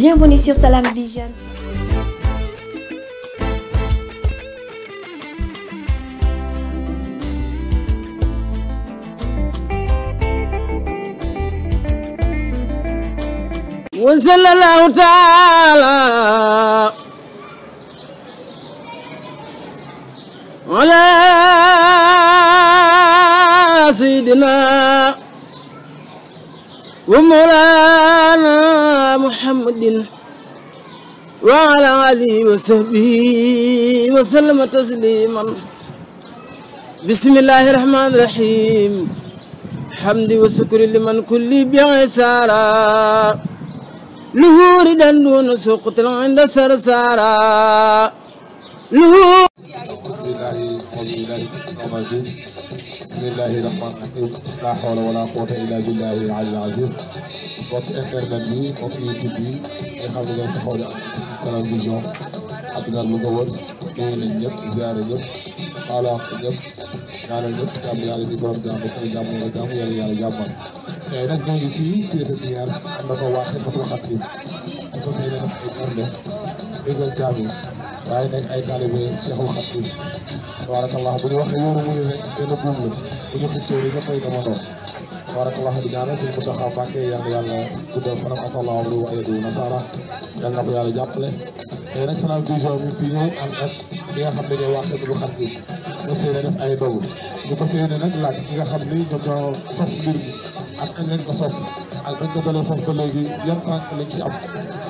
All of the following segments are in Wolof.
Bienvenue sur Salam Vision. وصلى الله تعالى على سيدنا ومولانا محمد وعلى آله وصحبه وسلم تسليما بسم الله الرحمن الرحيم حمد وشكر لمن كل بعسارة لهور دندون سقط عند سرسارة لهور bismillahi rahmaan rahim la hawla wala quwwata illa billahi al aziz mbokk internet bi mbokk youtube bi nga xam ne ngeen taxaw di am Salam Vision àddina lu ko wër nuyu nañ ñëpp ziare ñëpp xaalaat ñëpp ñaanal ñëpp jàmm yàlla di borom jàmm ko jàmm nga jàmm yàlla yàlla jàmmal tey nag ñoo ngi fii téete biar am na ko waa xefatul xatim ko fay def ay bernde déggal jàmm waaye nag ay taalibe Cheikhul Xatim tabarakallah bu ñu waxee yóoru muy rek kenn buum la bu ñu xëccoo rek dafay dama doon tabarakallah di ñaanal suñu ko taxaw Mbàkke yàlla yàlla guddal fanam ak allah amru wa ayadu nasara yàlla na ko yàlla jàppale tey nag Salam Vision mi fii ñëw am ak li nga xam ne ñooy waa xeetu xam bi ñu fas nga xam ni ñoom ñoo sos mbir bi ak kañ lañ ak bañ ko dalee sos ba léegi yan tànk lañ ci am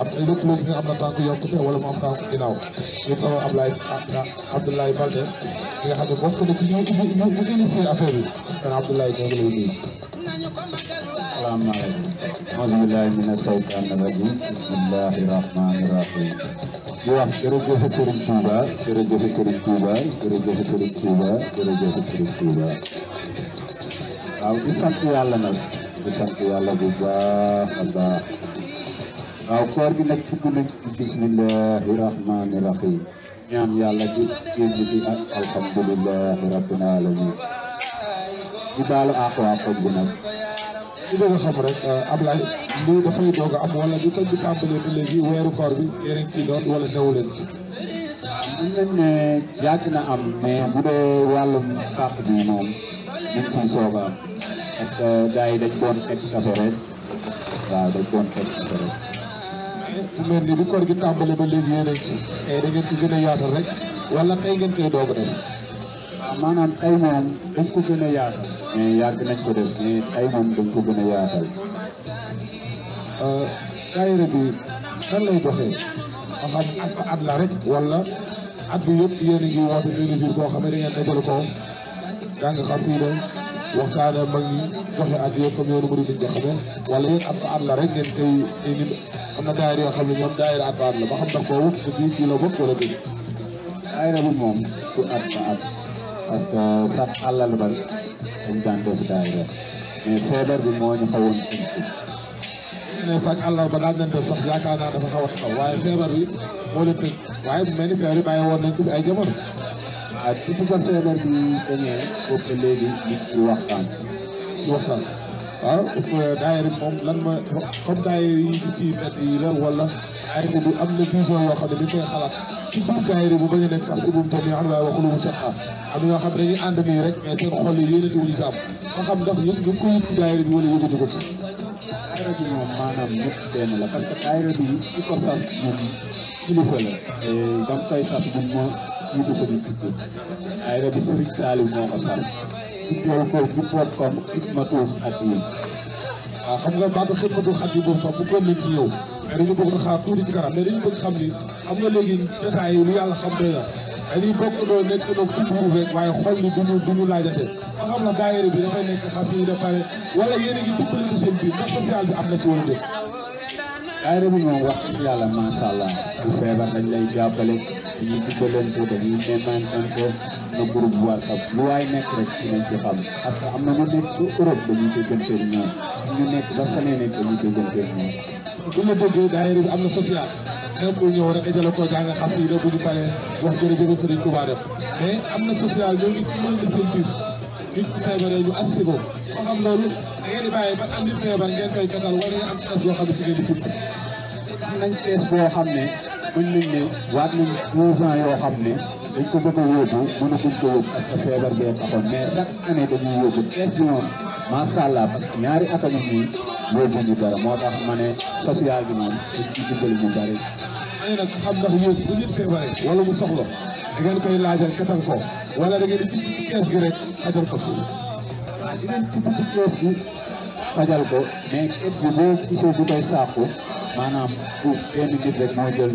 am na lépp lu ne am na tànk yokkute wala mu am tànk ginnaaw ñun Ablaye Abdoulaye Balde mi nga xam ne bokk na ci ñoom ñu ñu initié affaire bi kon Abdoulaye ñoo ngi lay nuyu. salaamaaleykum. auzu billaahi mina saytaani rajiim. bismillaahi rahmaani rahiim. di wax jërëjëf Serigne Touba jërëjëf Serigne Touba jërëjëf Serigne Touba jërëjëf Serigne Touba. waaw di sant yàlla nag. di sant yàlla bu baax a baax waaw koor gi nag fukki lu bismillahi bi ak alhamdulillahi rabbil alamin di baalu àq waa koñ bi nag ñu bëgg a xam rek eh, Ablaye lii dafay doog a am wala di ko di tàmbalee ba léegi weeru koor bi yéen ci parce que gars yi dañ ko woon fekk kafe rek dañ ko woon fekk kafe rek. bu mel ni bi koor gi tàmbale eh, ko yaatal rek wala tey ngeen koy doog a def. waaw ah, maanaam tey moom dañ ko gën a yaatal. mais yàgg nañ ko def mais tey moom dañ ko gën a yaatal. Euh, daayira bi kan lay doxee nga xam la rek wala at bi yëpp yéen a ngi woote ñu ngi boo xam ne da ngeen dajale ko jàng waxtaanee mag ñi joxe addiya comme yoonu murid nga xamee wala yéen ab at la rek ngeen koy ay nit am na daayira yoo xam ne ñoom daayira at la ba xam ndax boobu te bii kii la bokk wala déet. daayira bi moom du at ba at parce que sax àllal bal dañ daan def daayira mais feebar bi moo ñu xawoon ne sax àllal ba daan nañ def sax yaakaar naa dafa xaw a taxaw waaye feebar bi moo leen tëj waaye bu mel ni feebar yi bàyyi woon nañ ko fi ay jamono ah ci diggante la bi dañee boobu ba léegi ñu ngi waxtaan waxtaan waaw daayira moom lan ma comme daayira yi ci mbedd yi la wala daayira bi am na vision yoo xam ne bi koy xalaat ci bu bañ a nekk ak ubum tamit am naa waxulu a saxaar am yoo xam ne dañuy ànd nii rek mais seen xol yi yéenati wuñu saam nga xam ndax yéen ñu ko yëg ci daayira bi wala yëgatu ko ci daayira bi moom maanaam ñëpp benn la parce que daayira bi ñi ko sas moom kilifa la eh, dam koy sas jiitu ko di tudd daayira bi Serigne Saliou moo ko sax jubbool ko jubbool ko xidmatul xadim waaw xam nga baatu xidmatul xadim boobu sax bu gën nañ ci yow dañu bëgg xaar tuuti ci kanam mais dañu bëgg xam ni xam nga léegi détails yi lu bokk doo nekk doog ci buur rek waaye xol li duñu duñu laajate ba xam na daayira bi dafay nekk xam ni dafa pare wala yéen a ngi dimbali seen biir ndax social bi am na ci wala déet daayira bi moom wax dëgg yàlla macha bu feebar dañ lay jàppale ñu dugaloon Fouta bi mais maanaam def na groupe WhatsApp lu waay nekk rek dinañ ci am na ñu nekk ci Europe dañuy dégganteeg a ñu nekk ba feneen it dañuy dégganteeg ñoom. bu ñu déggee daayira bi am na social nekkul ñëw rek dajale ko jàng xasida bu ñu paree wax jërëjëf Serigne Touba def mais am na social ñoo ngi mën na seen biir nit ku feebaree ñu assisté ko ba xam loolu da ngeen di bàyyi ba am nit feebar ngeen koy katal wala nga am stress yoo xam ne si ngeen di na am nañ stress boo xam ne. mën nañ ne waat nañ deux ans yoo xam ne dañ ko bëgg a yóbbu mënaguñ ko yóbbu parce que feebar bee taxoon mais chaque bi moom macha allah parce que ñaari at a ngi nii yóbbu ñu moo tax ma ne social bi moom dañ ci dimbali ñu bari. xëy na xam ndax yéen bu nit feebaree wala mu soxla da ko wala da ngeen di ci kees gi rek xajal ko ci. waaw di leen ci kees gi ko mais kees bi boo gisee koy saako. a bu benn nit rek moo jël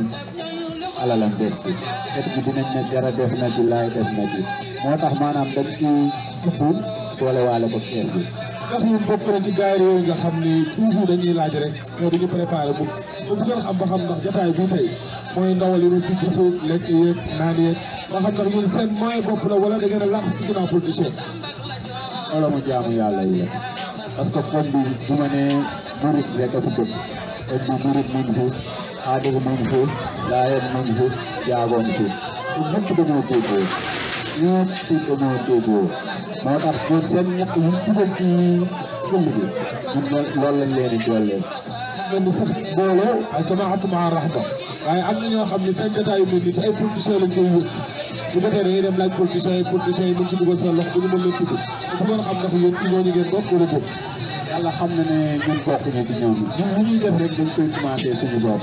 alala seet si seet bi dinañ ne dara def na ci laay def na ci moo tax maanaam dañ ciy jubbu doole waale ko seet bi. ndax ñun bokk na ci gaay yooyu nga xam ni toujours dañuy laaj rek mais duñu préparé bu xam ba xam ndax jotaay bi tey mooy ndawal yi ñu fi gisul lekk yeeg naan yeeg ba xam ndax ñun seen moyen bopp la wala da ngeen a làq ci ginnaaw politicien. loolu mu jaamu yàlla yi parce que comme bi bu ma nee murit rek a fi Murid mu ngi fi Xaadir mu ngi fi Laayeen mu ngi fi Jaago mu ngi fi ñëpp dañoo déggoo ñëpp dañoo déggoo moo tax ñoom seen ñett yi ñu dugal ci kull bi ñun loolu lañ leen di dollee mel ni sax boole ak jamaatu maa rahma waaye am na ñoo xam ne seen jotaayu mel ni ci ay productions lañ koy wut bu fekkee da ngay dem laaj productions yi productions yi mën ci dugal seen loxo bu ñu mën leen tudd dafa doon xam ndax yéen ci ñooñu ngeen bokk wala bokk yàlla xam na ne ñun bokkuñu ci ñoom ñun lu ñuy def rek dañ koy commencé suñu bopp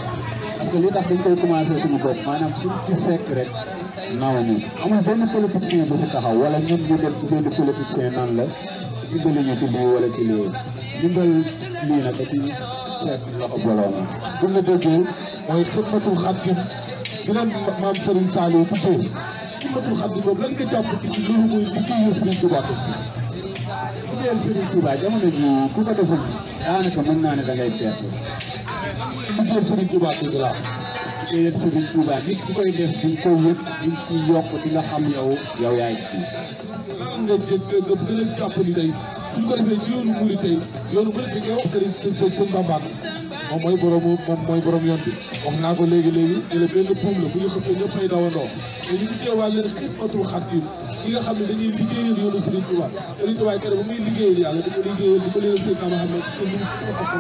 parce que li tax dañ koy commencé suñu bopp maanaam pour ci fekk rek naaw ñu amul benn politicien bu fi taxaw wala ñun ñu def ci benn politicien nan la dimbali ñu ci lii wala ci lii dimbal lii nag da ciy fekk loxo boloo na. bu nga déggee mooy xidmatul xaadim bi leen maam Serigne Saliou tuddee xidmatul xaadim boobu lan nga jàpp ci loolu mooy liggéeyu Serigne Touba liggéeyal Serigne Touba jamono ji ku ko deful daanaka mën naa ne da ngay perte liggéeyal Serigne Touba kudra liggéeyal Serigne Touba nit ku koy def di ko wët di ci yokk di nga xam yow yow yaay ci tey suñ ko defee tey moom mooy borom moom mooy borom yoon bi wax naa ko léegi léegi ñu ne benn buum la bu ñu xëppee ñëpp ay dawandoo te ñu ngi teewaal leen xidmatul xaadim ki xam ne dañuy liggéeyal yoonu Serigne Touba Serigne Touba kere bu muy liggéeyal yàlla dafa liggéeyal di ko leen Seydina Muhammad te ñu ci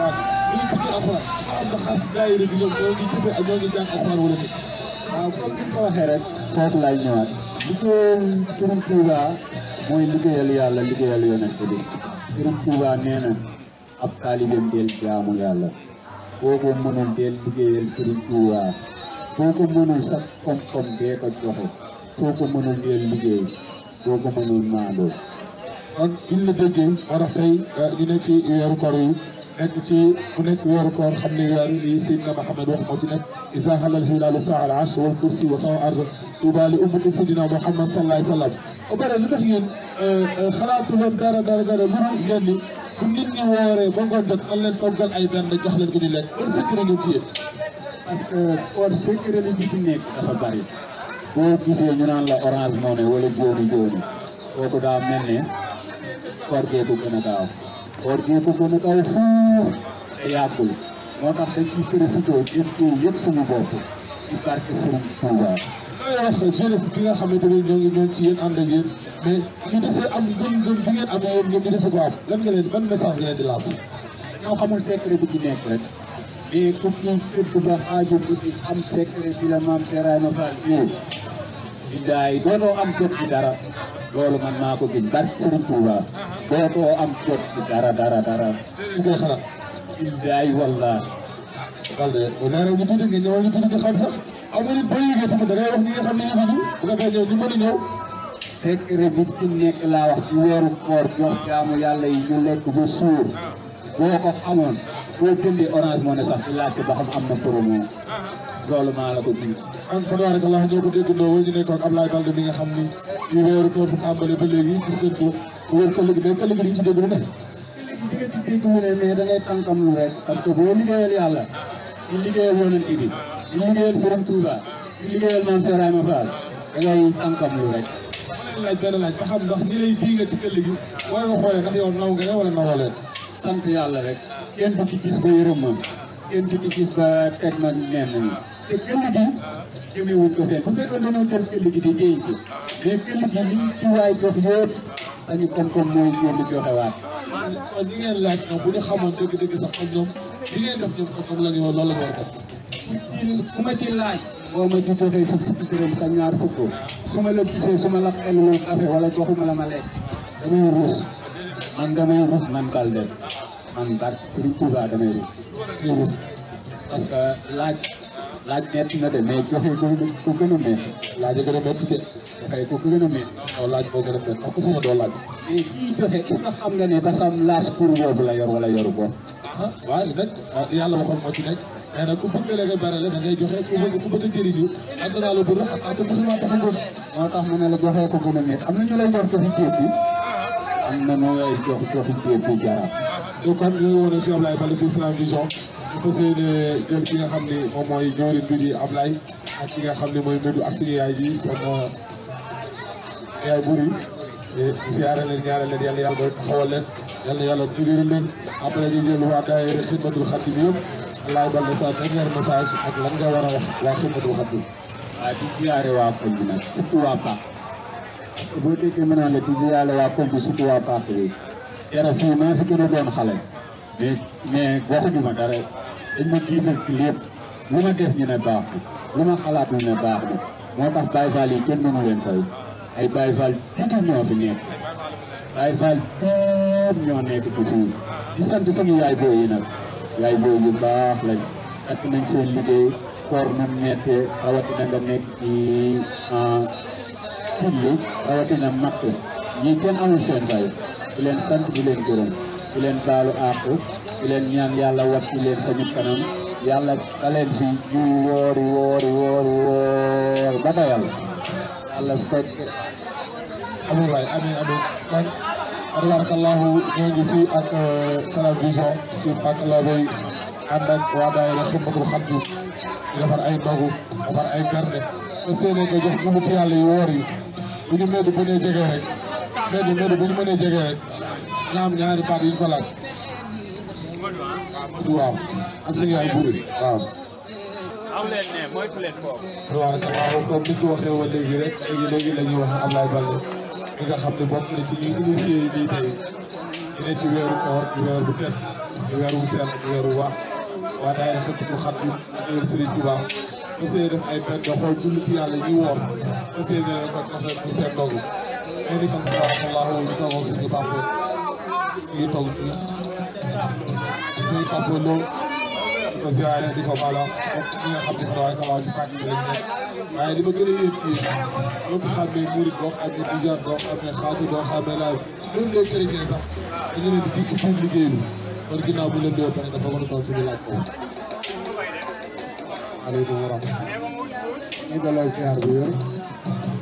mooy liggéeyal yàlla liggéeyal yonent bi Serigne Touba nee na ab taalibeem del jaamu yàlla boo ko mënul deel liggéeyal Sëriñ Tuuba boo ko mënul sax koom-koom dee ko joxe boo ko mënul deel liggéey boo ko mënul maandoo kon il la déggee war a fay ñu ne ci weeru koor yi nekk ci ku nekk weeru koor xam ne weer yi Seydina Muhammad wax moo ci nekk isa halal hilaalu saa al arsh wal kursi wa sawa arda tuuba li ummati Seydina Muhammad sallallahu alayhi wa sallam ba pare lu tax yéen eh, eh, xalaatu leen dara dara dara lu ngeen ni bu nit ñi wooree ba ngoon jot nan leen toggal ay benn jox leen ko ñu lekk war secret ngeen ciyee parce que war secret li ci nekk dafa bari boo gisee ñu naan la orange noonu wala jooni jooni kooku daa mel ne koor gee ko gën a gaaw xool bee ko gën a kaw fuuf te yàggul moo tax dañ ciy félicité gis ko yëpp suñu bopp ci barke Serigne Touba. loolu wax jeunesse bi nga xamante ne ñoo ngi ñoom ci yéen ànd ak yéen mais ñu desee am gëm-gëm bi ngeen amee yéen ñoom ñu dese ko am lan nga leen ban message nga leen di laaj. ñoo xamul secret bi ci nekk rek. mais ku ñu kër bu baax aajo bu am secret bi la maam Serap Nafal di jaay dootoo am jot ci dara loolu man maa ko gis barke Serigne Touba dootoo am jot ci dara dara dara. su dee xanaa. di jaay wallaahi. wala leeral nga ñëwal ñu tuuti nga xam sax am na nit boo yëgee tamit da ngay wax ñi ne ñu ngi bu ko ñëw ñu mën a ñëw. fekk yàlla yi ñu lekk ba suur boo ko xamoon boo jëndee orange moo ne sax di laajte ba xam am na promo. loolu maa la ko ji an tabarakallah ñoo ko déggandoo woon ñu nekkoon Ablaye Balde mi nga xam ni ñu weeru koor bu ba léegi gis ngeen ko wër ko léegi mais ko léegi dañ ci dégg lu ne diggante dégg mu ne mais da ngay tànkam lu rek parce que boo liggéeyal yàlla di liggéeyal yonent bi di liggéeyal Sëriñ Tuuba di liggéeyal Maam Seex Ibra Faal da ngay tànkam lu rek laaj benn laaj ba xam ndax ñi lay di nga digal léegi wala nga xoolee ndax yow naw nga ne wala nawoo leen te këll gi jëmewuñ ko fee di jëy jox yëpp dañu koom mooy ñoom joxewaat. laaj bu ñu xamoon dëgg-dëgg sax ñaar fukk su ma la gisee su ma la xeluloo café wala joxuma la ma lekk damay ruus man damay ruus man Balde man Barth Serigne Touba damay damay ruus parce que laaj. laaj metti na de mais joxe ku gën a metti laaj a gën a metti de joxe ku gën a metti doo laaj boo gën a metti parce que sax doo laaj mais kii joxe est-ce que xam nga ne ba sam laaj pour boobu la yor wala yoru ko waaw li nag ah, yàlla waxoon moo ci nekk mais nag ku bëgg lekk barale da ngay joxe ku bëgg ku bëgg a jëriñu am na la bu rëx ak te toujours tax a gën moo tax mu ne la joxe ko gën a metti am na ñu lay jox joxi géej bi am na ñu lay jox joxi géej bi jaraat donc kon ñu ngi woon ci Ablaye Baldé Salam Vision fas yéene jëf ki nga xam ne moom mooy ñoori bi di Ablaye ak ki nga xam ne mooy Médou ak suñu yaay ji sama yaay buri siyaare leen ñaare leen yàlla yàlla taxawal leen yàlla yàlla dëgëral leen après ñu jël waa daayira Xidmatul Xadim yëpp laay bal na sa dernier message ak lan nga war a wax waa Xidmatul Xadim waaw di siyaare waa koñ bi nag surtout waa Paax boo déggee ma naan la di siyaare waa koñ bi surtout waa Paax bi yara fii maa fi gën a doon xale mais mais waxuñu ma dara dañ ma jiital ci lépp lu ma def ñu ne baaxul lu ma xalaat ñu ne baaxul moo tax Baye Fall yi kenn mënu leen fay ay baay Fall tuuti ñoo fi nekk Baye Fall tuuti ñoo nekk ci suuf di sant suñu yaay booy yi nag yaay booy yu baax lañ takk nañ seen liggéey koor nam mettee rawatina nga nekk ci tulli ah, rawatina matt ñii kenn amul seen fay di leen sant di leen gërëm di leen baalu àq di leen ñaan yàlla wàcc leen sañu kanam yàlla ka leen fi ñu woori woori woori woor ba dayal yàlla fekk amin waay amin amin kon tabarakallahu ñu ngi fi ak euh, Salam Vision ci Pàcc la bay ànd ak waa daayira ay ndogu defar ay yàlla yu woor yi bu naam ñaari baat yi ñu waaw Assane yaay buur waaw. waaw taxaw comme ni ko waxee woon léegi rek léegi léegi la ñuy wax Ablaye Balde mi nga xam ne bokk na ci ñi initié yi nii tey dina ci weeru koor weer bu teg di weer wu sell di weer wu wax waaye daay xëcc bu xat bi ak Serigne Touba aussi def ay benn nga xool jullit yàlla ñi woor aussi ne leen ko defee bu seen dogu mais ni kon tabaarakallahu ñu toog ak suñu baaxee ñu toog di Pape Lo di ko ziare di ko baala ak ñi nga xam ne fa daal waaye ci pàcc bi lañ nekk waaye li ma gën a yéeg fii ñoom xam ne murit dox ak ñi tijaan dox am na xaatu dox am na laaj même les chrétiens sax dañu leen di dikk pour liggéeylu kon ginnaaw bu leen dee pare dafa war a toog suñu laaj boobu aleykum wa rahmatulah ñu delloo ziar bu wér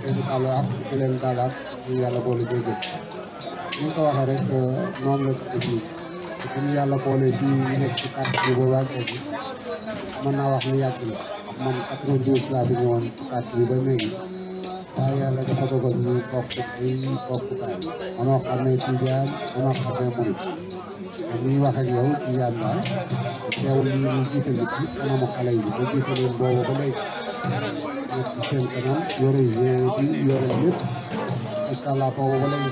kenn baalu àq di leen baal àq ñu yàlla boole jéggal ñu ko waxee rek euh, noonu la tudd fii bu ñu yàlla boolee ci nekk ci carte bi ba waaj egg mën naa wax ni yàgg na man quatre-vingt-douze laa fi ñëwoon ci carte bi ba léegi waaye yàlla dafa dogal ñu bokk ay bokkukaay manoo xam ne tijaan manoo xam ne murit ñuy wax ak yow tijaan laa teewul ñu ñu jiite nit ci kanamu xale yi ba jiite leen boobu ba léegi nekk seen kanam yore bi yore lépp incha allah foofu wala ñu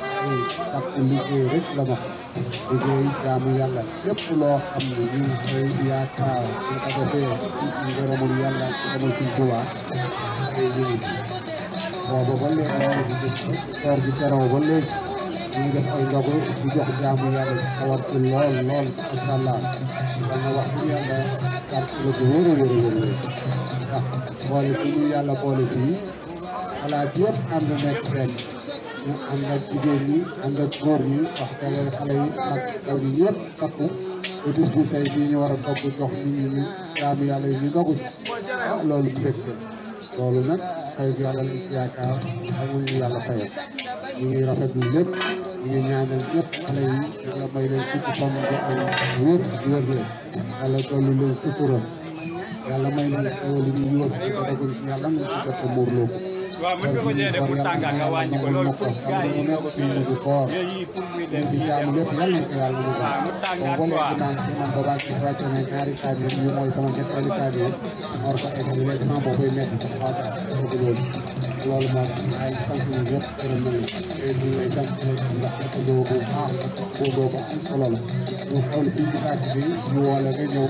tax liggéey rek la jaamu yàlla lépp loo xam ne ñu ngi koy yaakaar ñu ko defee ngërëmul yàlla ak ngërëmul suñ Tuubaa tey ñu ngi boobu ba léegi heure bi teroo ba ñu wax dëgg yàlla kàrt la bu wér a wér a wér ndax boole fi ñu am na nekk benn ñu ànd ak jigéen ñi ànd ak xale yi mag ndaw ñi ñëpp takku ba bis bi tey bii ñu war a bokk jox nit ñi ñu jaamu yàlla yi ñu dogu ah loolu loolu nag xëy na yàlla lu yaakaar amuñu yàlla ñu ngi rafetlu lépp ñu ngi ñaanal ñëpp xale yi yàlla may leen ci fan bu ay wér wér la yàlla dolli leen sutura yàlla may leen xéwal yi ñu wër ci dara yàlla nañ ci jot a muurloo waaw mën nga ko jëlee pour tàngaat nga wàññi ko loolu pour gars yi ñoo ko fii mais yii pour muy dem yii dem ko waaw mu tàngaat quoi. loolu moom ay sant ñun yëpp gërëm nañu te ñu lay sant ndax doo ko baax doo ko am solo la ñu xool fii ci bàcc bi ñu woo la nga ñëw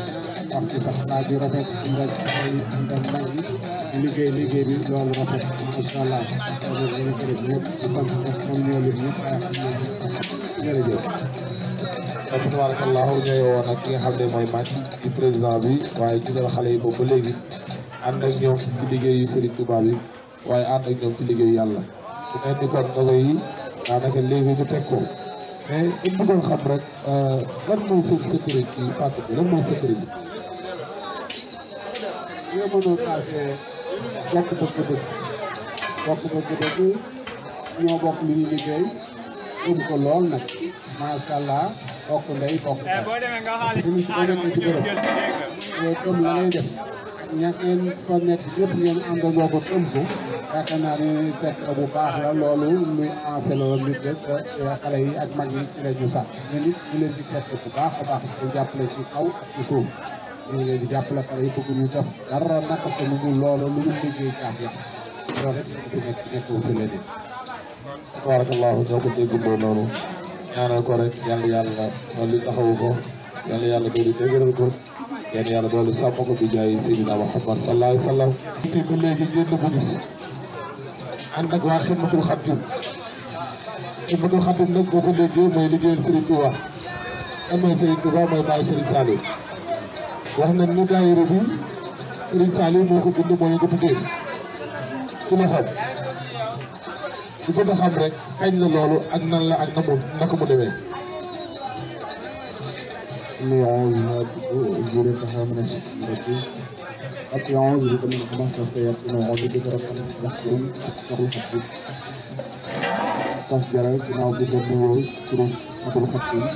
wax ci sax laaj yu rafet ndax ay ndam ndam yi liggéey liggéey bi loolu rafet incha allah loolu dañu ko def ñëpp kon kon ñoo lim ñëpp ay jërëjëf. kon tabarakallahu ñoo woon ak ki nga xam ne mooy Macky di président bi waaye gisal xale yi boobu ba léegi ànd ak ñoom ci liggéeyu Serigne Touba bi waaye ànd ak ñoom ci liggéeyu yàlla. su mel ni kon ndogo yi daanaka léegi ñu teg ko mais il bëggoon xam rek euh, lan mooy seen sécurité yi fàttali lan mooy sécurité bi. bokk bëgg-bëgg bokk ñoo bokk li liggéey um ko lool nag macha allah bokk ndey bokk baay parce que ministre boo ci bërëb comme la ngay def ña fa nekk ñëpp ngeen àndandoo ko tëm ko yaakaar naa ne fekk bu baax la loolu muy enseigné la nit rek xale yi ak mag yi ci la sax ñu nit leen di fekk bu baax a baax di jàppale ci kaw ak ci suuf ñu ngi leen di jàppale xale yi bëgg ñu def dara nag parce que mu ngi loolu lu ñu liggéey kaaf yàq loolu rek ñu ngi nekk nekk wu ci leen yi. tabarakallahu ñoo ko dégg boo noonu ñaanal ko rek yàlla yàlla dolli taxawu ko yàlla yàlla dolli dëgëral ko yàlla yàlla dolli sàmm ko bi jaay Seydina Muhammad sallallahu alayhi wa sallam. te ba léegi génn ko ñu ànd ak waa Xidmatul Xadim Xidmatul Xadim nag boo ko déggee mooy liggéeyal Serigne Touba kan mooy Serigne Touba mooy Baye Serigne Saliou wax nañ ne daayira bi Serigne Saliou moo ko bind moo leen ko tuddee ci la xam su bëgg a xam rek kañ la loolu ak nan la ak na mu naka mu demee إني أعوذ بك من الشيطان الرجيم ربي أعوذ بك من الحماسة الشياطين وأعوذ بك رب أن تحشرون أكثر الحقين تفجرت أن أعوذ بك من الوعي أكثر الحقين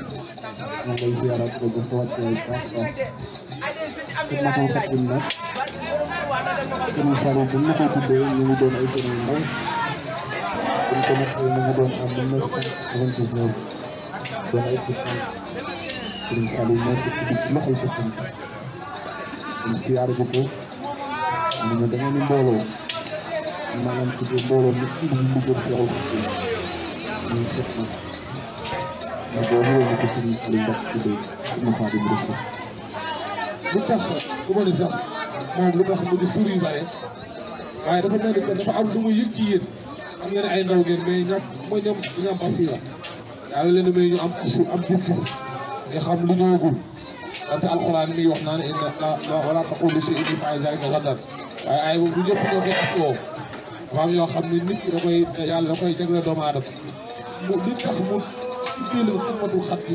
وأعوذ بك رب أن تحشرون أكثر الحقين pour ma xamkat bi nag émission boobu ñu ko tuddee ñu ngi doon ay gën yu ndaw buñ ko nattee ñu ngi doon am mille neuf cent vingt-neuf doon ay question Serigne Saliou moo ko tudd ci loxol ko suñ ñu siyaar ko ko ñu ne da ngeen di mbooloo maanaam tuddee mbooloo nit ñi ñu liggéey seexul xasim ñu seet na ñu boobu ñu ko Serigne Saliou Mbacke tuddee ci Mouhadim Rassoul lu sax lu ma ni sax moom lu ma xam ne suur yu bare waaye dafa mel ni dafa am lu mu yëg ci yéen am ngeen ay ndaw ngeen mais ñam ma ñam ñam basira yàlla leen may ñu am su am gis-gis nga xam lu ñëwagul wante alxuraan mi wax naan inna wala taqulu si indi faay ay boobu du ñëpp ñoo koy ak woo dafa am yoo da koy yàlla da koy jagle doomu aadama mu li tax mu jëlee xamatu xat bi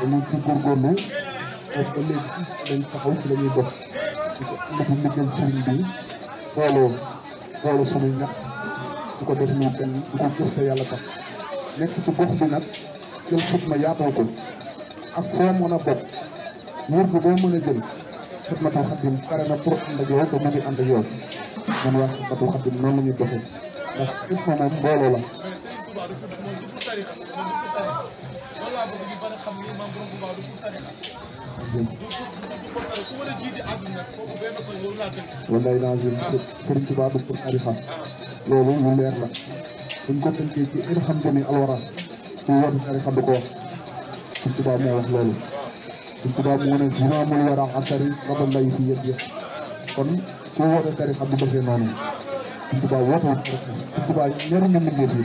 dañu euh, ci góorgóorlu ak ëllëg dañ taxaw ci la ñuy dox ndax liggéey sëriñ bi booloo booloo suñuy ñax ko def muy benn di ko yàlla tax nekk ci gox bi nag jël xitma yaatoo ko ak foo mën a bokk wër bi boo mën a jël xidmatul xadim pare na trop ànd ak yow te mu ngi ànd ak yow man waa xidmatul xadim noonu la ñuy doxee ndax xitma moom mbooloo la xam ni maam naa gën sëriñ Tuubaa du pour tariqa ah. loolu lu leer la buñ ko tënkee ci irhamtani alwara ku woote tariqa du ko wax sëriñ Tuubaa moo wax loolu sëriñ Tuubaa moo ne zimaamul wara antari rabal lay fi yëpp yëpp kon ku woote tariqa du defee noonu sëriñ Tuubaa woote tariqa sëriñ Tuubaa ñaruñu mbindeef yi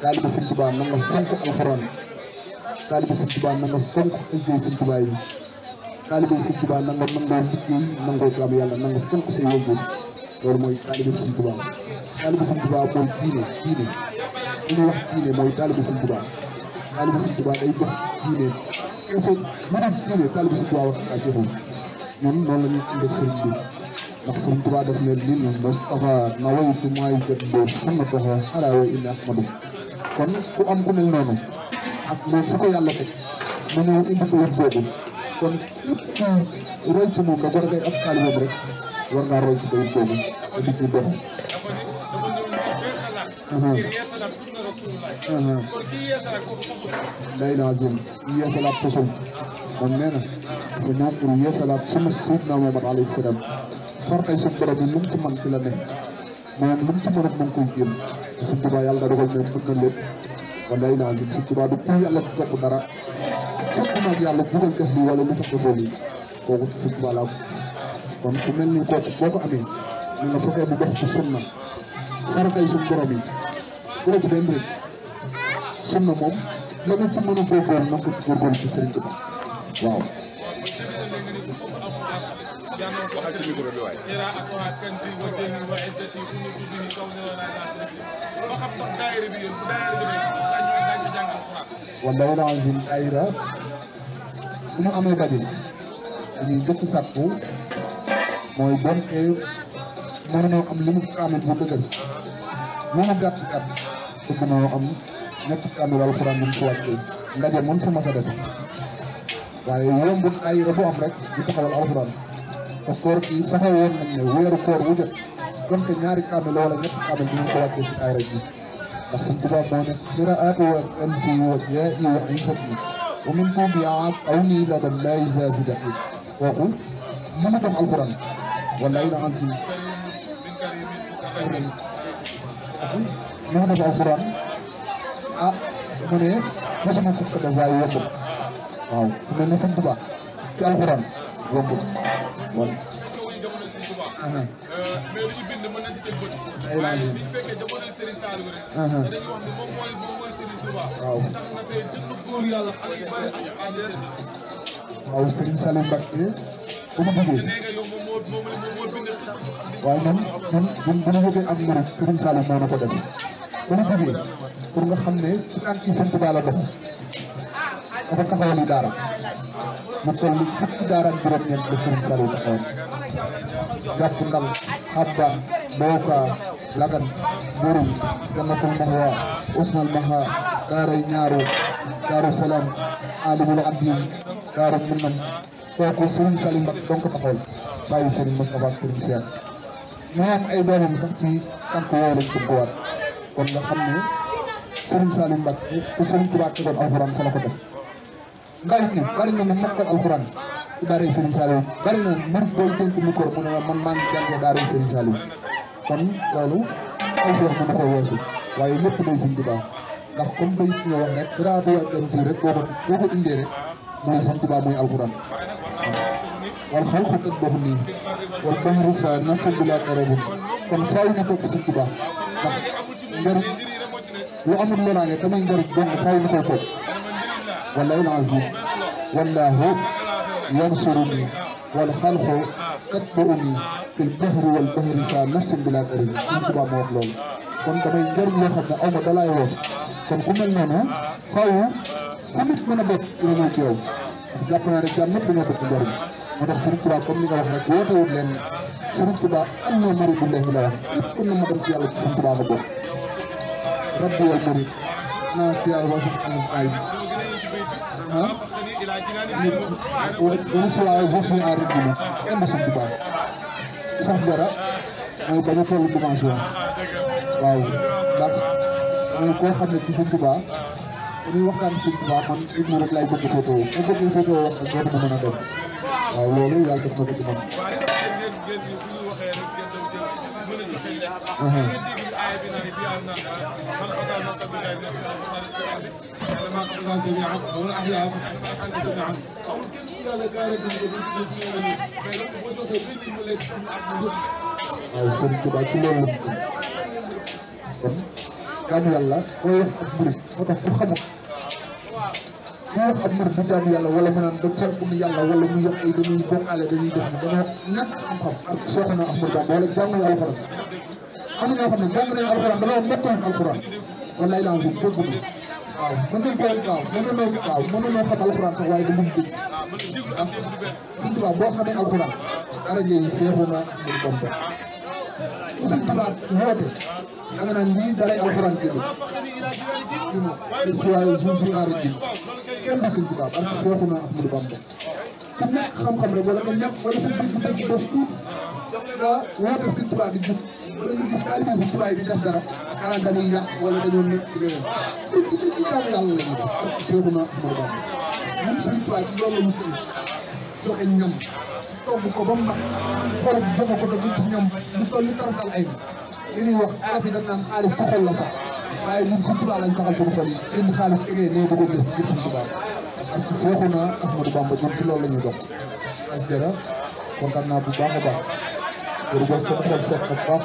taalibe Sëñ Tuubaa na nga fonk alxuraan taalibe Sëñ a na nga fonk liggéey Sëñ Tuubaa yi taalibe Sëñ Tuubaa na nga nangoo liggéey nangoo jaamu yàlla na nga fonk say waajur loolu mooy taalibe a Tuubaa taalibe Sëñ Tuubaa mooy diine diine li ñuy wax diine mooy taalibe Sëñ Tuubaa taalibe Sëñ Tuubaa day dox diine kese mënul diine taalibe Sëñ Tuubaa wax ak jëfam ñun noonu la ñuy def sëriñ bi ndax sëriñ Tuubaa a ne lii noonu Mustafa nawaytu maa kon ku am ku mel noonu ak moom fu ko yàlla teg indi ko wër boobu kon képp ku roy ci moom nga war ngay ab war ngaa roy ci ko wër boobu te nit ñi dox day naa jëm yeesalaat sosol moom nee na far ay suñu borom man ci la ne mais lu mu ci mën a mën koy génn suñ tubaab yàlla dogal mais mën na lépp wala ay naa suñ tubaab du ku yàlla di topp dara fekk nag yàlla bu doon def lii wala lu tax defoo lii kooku suñ tubaab mel ni ko amee ñu nga fexee bu dox ci sunna faratay suñ borom yi bu la ci benn rek sunna moom la a ko ci góorgóorlu daayira bi yéen bu daayira bi rek dañ ñëw dañ ci amee daje dañuy jëkk sàkku mooy bon élève mënuñoo am li mu kaamil bu dëgër mënu gàtt gàtt naa am ñetti kaamil alxuraan bu ñu ko wàccee ndaje moom su ma sa def waaye yomb daayira bu am rek di taxawal alxuraan te koor kii saxawoon nañ ne weeru koor wu jot donte ñaari kaamil wala ñetti kaamil bu ñu ko wàccee ci daayira ndax Sëñ Tuubaa moo ne qiraatu wa alfi wa jaa'i wa ifati wa min tubiaat aw nii la dam laay zaasi daxi kooku mën a dox alquran wallahi la am si mu ne mosuma ko def waaye yombul waaw ku mel ne Sëñ Tuubaa ci alquran yombul wala Saliou rek te dañuy wax ni moom waaye man man bu ñu jógee am murid Serigne Saliou moo na ko def bu mu duggee pour xam ne ci tànk yi Serigne Touba la dox dafa mu toll ni fukki daara ak juróom-ñeent la Serigne Saliou taxawal jàpp ndal xabbaan mbooka lagan burum jannatul mahwa usnal maha daaray ñaaru daaru salaam alimul abdin daaru minnam kooku Serigne Salim Mbacké donc taxawal bàyyi Serigne Moustapha Serigne Sias ay doomam sax ci tànk yooyu lañ tëgguwaat kon nga xam ne Serigne Salim Mbacké ku Serigne Touba tegoon alxuraan fa la ko def ndaw ñi bari na mu alxuraan daaray Serigne Salim kon loolu aw feex mënu ko weesu waaye lépp day sëñ Tuubaa ndax comme day ñu wax rek dara du organise rek boo ko boo ko indee rek mooy sëñ Tuubaa mooy alxuraan wal xalqu kat boobu nii wal bahru sa nafsan bila tarabun kon faaw ñu topp sëñ Tuubaa ndax njëriñ lu amul loraange damay njëriñ donc faaw ñu koy topp wallahi al azim wallahu yansuru nii wal xalqu أنبئني في البحر والبحر كان نفس بلا قريب suñ tubaab moo wax loolu kon damay njëriñ loo xam ne aw ma dalaay woo kon ku mel noonu xaw ku nit mën a bokk dina ñëw ci yow jàpp naa ne jàmm ñëpp dañoo bokk njëriñ moo tax Serigne Touba comme ni nga wax rek woote wut leen Serigne Touba am na mari bu leex la wax ñëpp na ma dem ci yàlla ci Serigne Touba nga bokk rabbi wal murid naa fi yàlla waa suuf ay ah ulusulaay boobu ñu aar dina kenn sax du baax sax dara mooy bañ a toll dimanche waaw ndax mooy koo xam ne ci suñ tubaab dañuy waxtaan suñ tubaab man it ma rek laay bëgg footoo ma bëgg footoo wax ak dootu ma mën a def waaw loolu yàlla def na ko ci man كما قال الله جميعا او الاحياء جميعا اقول كيف قال قال waaw sëñ Tuba ci loolu la kon jaamu yàlla booy wax ak murid moo tax bu xamut bu wax ak murid bu jaamu yàlla wala mu naan ba càrku mu yàlla wala mu yokk ay dañuy bokkaale dañuy def dañoo ñàkk xam-xam ak soxna na Ahmadu Bamba wala jànguñu alxuraan am na ñoo xam ne jàng nañu alxuraan dañoo mokkal alxuraan walaay laa bëgg bëgguñu waaw mën ngeen boole kaaw mën ngeen doon kaaw mën ngeen doon xam alxuraan du mu ah, dégg ndax Sëñ Tuubaa boo xamee alxuraan dara jëlee seexuna mu tombe ku Sëñ Tuubaa woote da nga lii daray alxuraan jëlee ñu ne te waaye suñ suñu ji kenn du Sëñ Tuubaa parce que seexuna Ahmadu Bamba ku nekk xam-xam rek wala nga wala sa biir bu wala ñu gis daal di tubaay bi def dara xanaa dañuy yàq wala dañoo nekk ci réew mi ci ci jaamu yàlla la ñu def Seexuna moo baax ñun suñu tubaay bi loolu la ñu tudd joxe ñam togg ko ba mu nag xool joxe ko te ci ñam lu toll ni taratal ay li ñuy wax arab yi dañ naan xaalis ci xol la sax waaye ñun suñu tubaay lañ saxal suñu xol yi indi xaalis tegee nee bëgg a def ngir suñu tubaay Seexuna Ahmadou Bamba ñun ci loolu la ñuy dox. asdara kontaan naa bu baax a baax jërëjëf sama xol seet na bu baax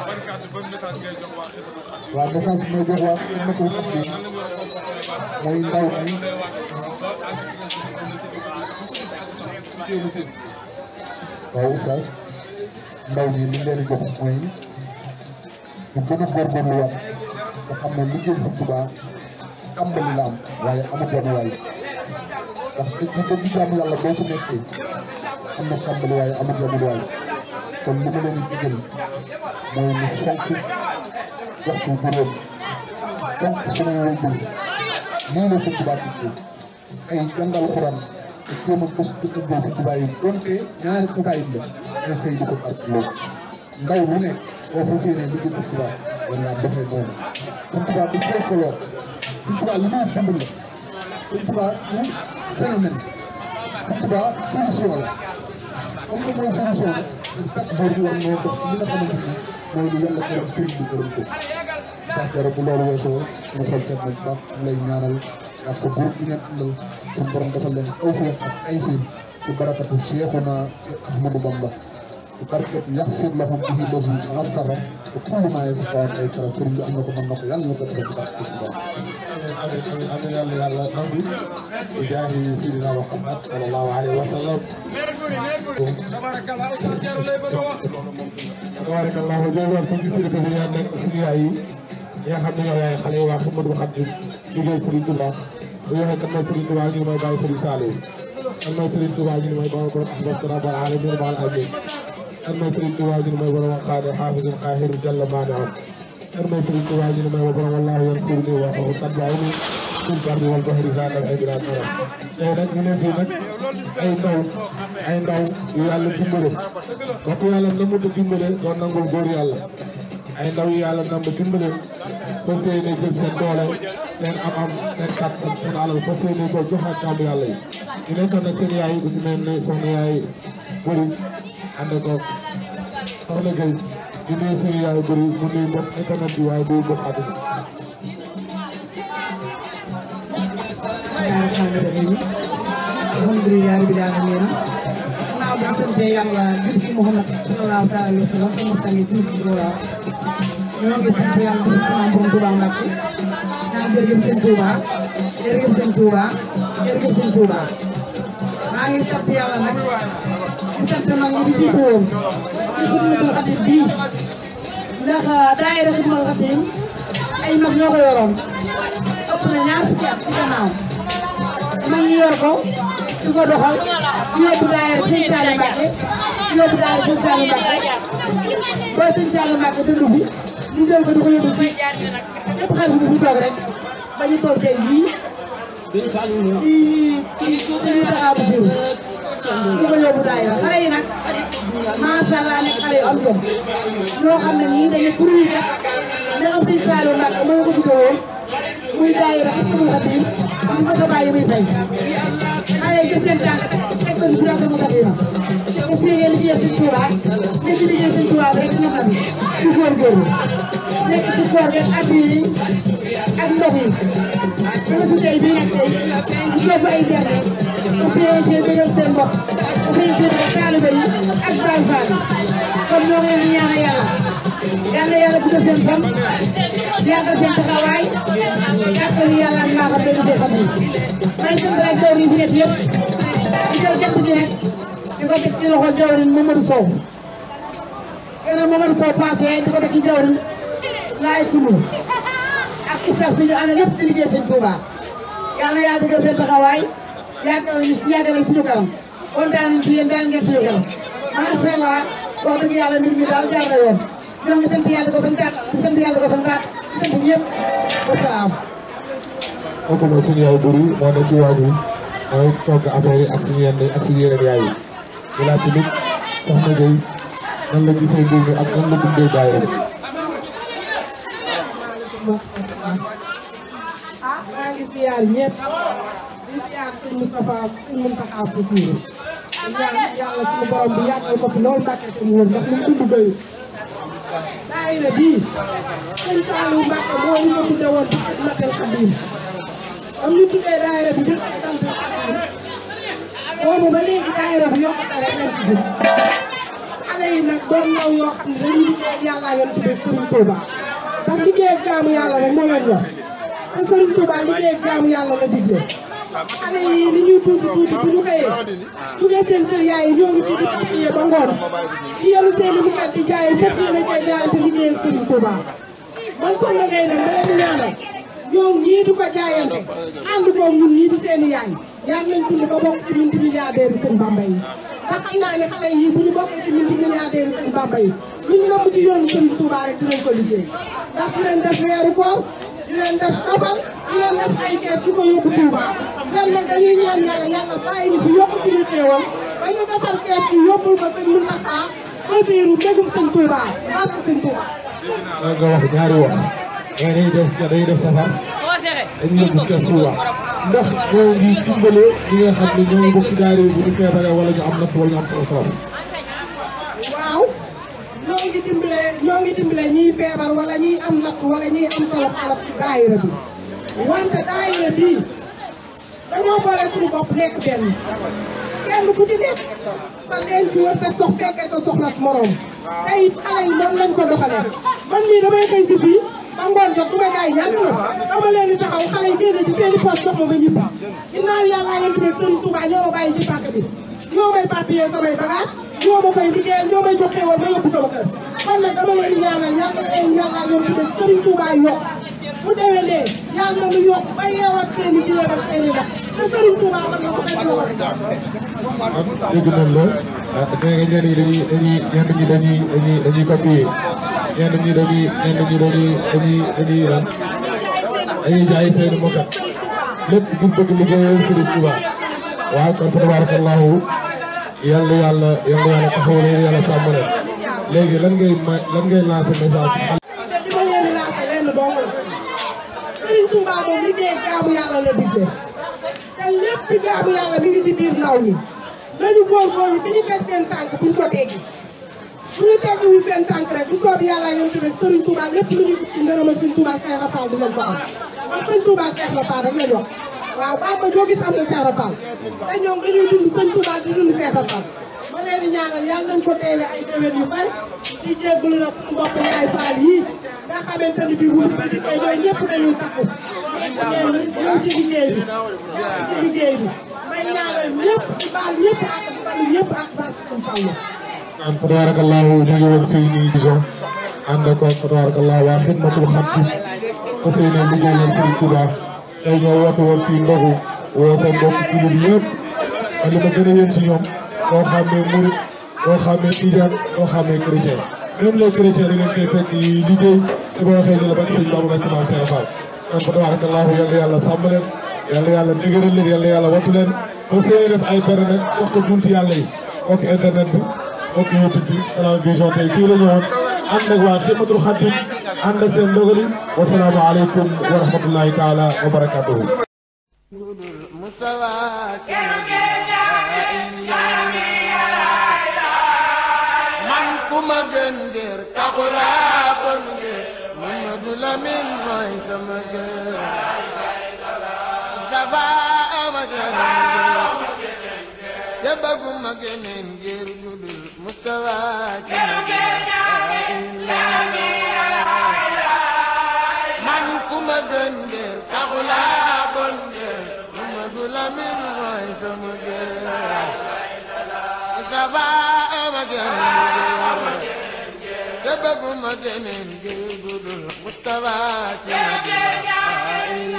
waaw message bi may jox waa xidma ko xam bi mooy ndaw mi waaw oustaz ndaw ñi li leen jox mooy ñu gën a góorgóorluwaat nga xam ne liggéey bi Tuubaa tàmbali la am waaye amagoon waay ndax nit ñi ko jaamu yàlla boo ci nekkee am na tàmbali waaye amagoon waay kon li ma leen di digal mooy ñu fonk waxtu juróom fonk suñuy waajur lii la sëñ Tuubaa tudd ay jàngal xuraan te jéem a bés bu tuddee sëñ Tuubaa ñaari xasaayid la nga xëy di ko ak loolu ndaw bu nekk boo liggéey sëñ Tuubaa naa defee noonu sëñ Tuubaa du la sëñ Tuubaa du phénomène sëñ comme que mooy solution bi chaque jour ñu war nañoo def ci li nga xamante lu yàlla gërëm kër gi gërëm ko. ndax dara bu loolu weesoo ñu xool seen nañ la lay ñaanal ak sa groupe bi ngeen àndal suñu borom defal leen aw feex ak ay siin ci barakatu Seexuna Ahmadu Bamba barke yàqir la ko bii ba suuf war ko rek pour mu maye si kawam ay sara sëriñ bi am na ko mën na ko yàlla na ko defal ko ak suuf borom. am na yàlla yàlla nangu jaahi sidina Muhammad sallallahu alayhi wa sallam. tabarakallahu jërëjëf comme si dafa yàlla nag suñu yaay yi ñi nga xam ne yow yaay xale yi waa xam nga du xam ne liggéey Serigne Touba bu yoxe kan mooy Serigne Touba ñu ngi may bàyyi Serigne Saliou kan mooy Serigne Touba ñu ngi may bàyyi borom ak borom alamin en may firi waajur may borom xaade xaafisul xaahir jalla maane am en may firi waajur may borom wallaahi yan firi nii waxu tablaay ni suñ barni wal bahri zaadal ibrahim tey nag ñu ne fii nag ay ndaw ay ndaw yu yàlla dimbale waxtu yàlla namu te dimbale doo nangul góor yàlla ay ndaw yu yàlla namu dimbale fas yéene jël seen doole seen am-am seen kàttan seen alal fas yéene ko joxaat jaamu yàlla yi ñu nekkoon nag seen yaay yi ku soxna yaay bëri ànd koog soxna Gueye di nuyu suñu yaay bëri mu nuyu mbokk internet bi waaye du mbokk àdduna. alhamdulilah rabbil alamin naa bu sant yàlla jub ci Muhammad sallallahu alayhi wa sallam sama sang ci Tuuba ñoo ngi sant yàlla ci sama borom Tuuba Mbàkke naa jërëjëf seen Tuuba jërëjëf seen Tuuba jërëjëf seen Tuuba maa ngi sant yàlla nag di sant mag ñi di jiitu woon ci xidmatul xadim bi ndax daayira xidmatul ay mag ñoo ko yoroon ëpp ñaar fukki at ci gannaaw ñi yor ko di ko doxal yóbbu daayira sëñ Saalu Mbàkke yóbbu daayira di ko yóbbu rek ba ñu toog tey jii di di taxaw bu di ko yóbbu daayira xale yi nag macha allah nekk nii dañuy pour ñu def ne am sëñ Saliou Mbacke mooy ko juddoo woon muy daayira ak mu xat yi ñu ko sa bàyyi muy fay xale yi jëf seen tànk teg ko bu la te fii ngeen liggéey sëñ Touba nekk la ci ay gerte dinañ cee dëgër seen bopp dinañ ak Baay Faal kon ñoo ngi leen di ñaan yàlla yàlla yàlla dina seen fan yàggal seen taxawaay yàggal yàlla naa ko béy béy xam ni. may sant ak jaww ji fi nekk yëpp di jël gerte gi rek di ko teg ci loxo jawrin Mamadou Sow keneen Mamadou Sow passé yàggal yàggalal suñu kanam kontaan nañu ci yéen daal ngeen suñu kanam macha allah wax dëgg yàlla mbir mi daal jaar na yoon ñoo ngi sant yàlla ko santaat di sant yàlla ko santaat di sant ñëpp wasalaam. kooku mooy suñu yaay buri moo ne ci waaj wi mooy togg affaire yi ak suñu yenn ak suñu yeneen yaay yi di laaj tamit soxna Gueye nan la gisee mbir mi ak nan la dundee baay rek. ah maa ngi ziar ñëpp. di ñaan sëñ Moustapha sëñ Moustapha bu Tuure di ñaan yàlla suñu borom bi yàggal ko fi loolu Mbàkke suñu wër ndax li dund doy daayira bii sëñ Saliou Mbàkke moo ñu ko tudde woon bi Xidmatul Xadim am ñu tuddee daayira bi dëkk sant boobu ba léegi daayira bi yokkute rek lañ ci gis xale yi nag doon ndaw yoo xam ne dañuy liggéey yàlla yoon tudde Sëriñ Tuuba ndax liggéey jaamu yàlla rek moo leen yor te Sëriñ Tuuba liggéey jaamu yàlla la digle xale yi li ñuy tuuti tuuti bu ñu xëyee su dee seen yaay ñoo ngi di liggéey ba ngoon ci yelu seen bukat di jaay fekk ñu ne cay man soxna ngay nag ma leen ñaanal ñoom ñii di ko jaayante ànd ko ñun ñii di seen yaay yàlla nañ dund ba bokk ci multimilliardaire yi seen Bamba yi ndax xam naa ne xale yi ko liggéey ndax dinañ def weeru koor dinañ def safar dinañ def ay kees su kon nag dañuy ñaan yàlla yàlla bàyyi ñu da nga wax ñaari ndax ñoo ngi dimbale ñoo ngi dimbale ñoo feebar wala ñiy am natt wala ñiy am trop alal ci daayira bi wante daayira bi. dañoo boole suñu bopp nekk benn kenn ku ci nekk sa denc wër te sox fekkee sa soxla morom tey xale yi noonu lañ ko doxalee man mii damay xëy si fii ba ngoon jot bu ba ñibbi ginnaaw yàlla yonent bi Sëriñ Tuubaa ñoo ma bàyyi ci pàkk bi ñoo may papier samay bagage ñoo ma fay liggéeyal ñoo may jox xéewal ma yóbbu sama kon nag dama leen ñaanal yàlla leen yàlla yokk de Sëriñ Tuubaa yokk bu déwénee yàlla na ñu yokk ba yeewaat seen i jiwéer ak seen i ndax te Sëriñ Tuubaa man na ko benn yoon rek. dégg nañ la léegi ah ñenn ñi dañuy dañuy ñenn ñi dañuy dañuy dañuy copier ñenn ñi dañuy ñenn ñi dañuy dañuy dañuy dañuy jaay seen i mbokk lépp bu bëgg liggéeyal Sëriñ Tuubaa waaw kon tabaarakallahu yàlla yàlla yàlla yàlla taxaw leen yàlla sàmm leen léegi lan ngay ma lan ngay ma leen di lenn dong moom la digle ngi ci biir ndaw ñi teg seen tànk buñ ko teggi bu ñu teggiwul seen tànk rek bu soob yàlla yom tamit Serigne Touba lépp lu ñu ngërëma Serigne Touba Cheikh Rafal dinañ am kon Serigne rek la ñu wax waaw baax na joo gis am na Cheikh te ñoom dañuy dund Serigne Touba di dund Cheikh Rafal leen di ñaanal yàlla nañ ko teewe ay déwén yu bari di jégalu nag suñu mbokk yi ay faal yii nga xamante ni bii wut si liggéey yooyu ñëpp dañuy takku ñëw ci liggéey bi ñëw ci liggéey bi may ñaanal ñëpp di baal ñëpp ak di baal ñëpp ak baal suñu fàll. am tabarakallahu ñu ngi woon fii nii disons ànd ak tabarakallahu waa xidmatul xaddim fas yéene liggéeyal Sëriñ Tuubaa tey ñoo woote woon fii ndogu woo seen mbokk jullit yëpp ak li ma gën a yéen ci ñoom boo xamee murit boo xamee tijaan boo xamee chrétien même les chrétiens dañ leen koy fekk liggéey te boo waxee ñu la ban sëñ Bamba nga commencé a faal kon fa tabaarakallaahu yal na yàlla sàmm leen yal na yàlla dëgëral leen yal yàlla wattu leen ba fee ay berne nag wax ko buntu yàlla yi mbokk internet bi mbokk youtube bi Salam Vision tey fii la ñëwoon ànd ak waa Xidmatul Xaadim ànd ak seen ndogali wasalaamu aleykum wa rahmatullahi taala wa barakatuhu ku ma gën ngir taxu laa kon ngir Mamadu Lamin mooy sama gën Mustafa ma gën te bëggu ma gën ngir gudul Mustafa ci ma gën man ku ma gën ngir taxu laa kon ngir Mamadu Lamin mooy sama gën Mustafa ma geneen te bëgguma geneen géej gu dul Mustafaa ci geneen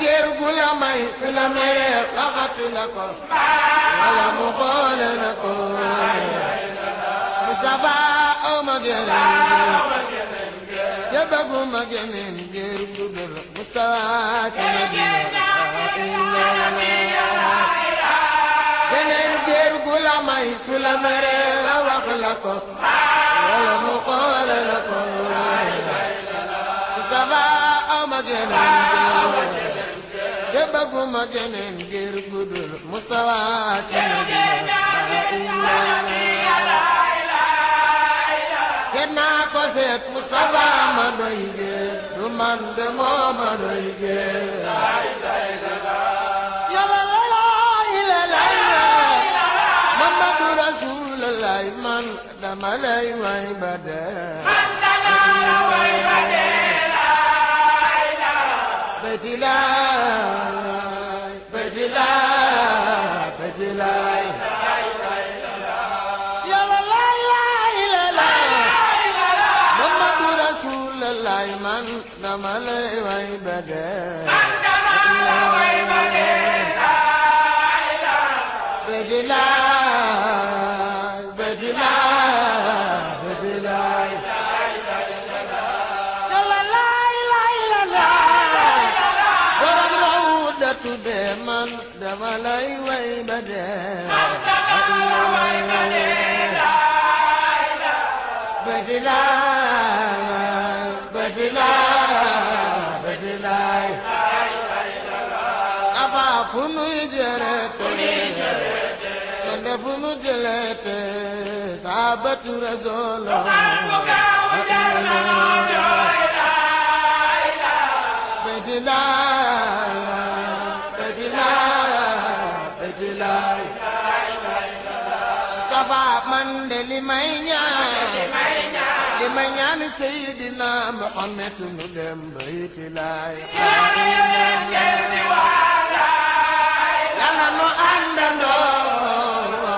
géej gu la may su la mere waxati la ko wala mu xoole na ko Mustafaa aw ma geneen géej te bëgguma geneen géej gu dul Mustafaa ci geneen géer gu la may su la mere wax la ko wala mu xoole la ko saba ama geneen géer te bëgguma geneen géer gu dul mustawa ci seet naa ko seet mustawa ma doy géer du man de moo ma doy géer man dama lay way ba dee man dama la way ba dee laay laa bëti laay bëti laay bëti laay yàlla laay laay la laay Muhammadu Rasulullah man dama lay way ba dee جلت صعبة رسول بدلا بدلا بدلا صفا من لمن لمن يعني سيدنا محمد ندم بيت لا يا لا لا لا لا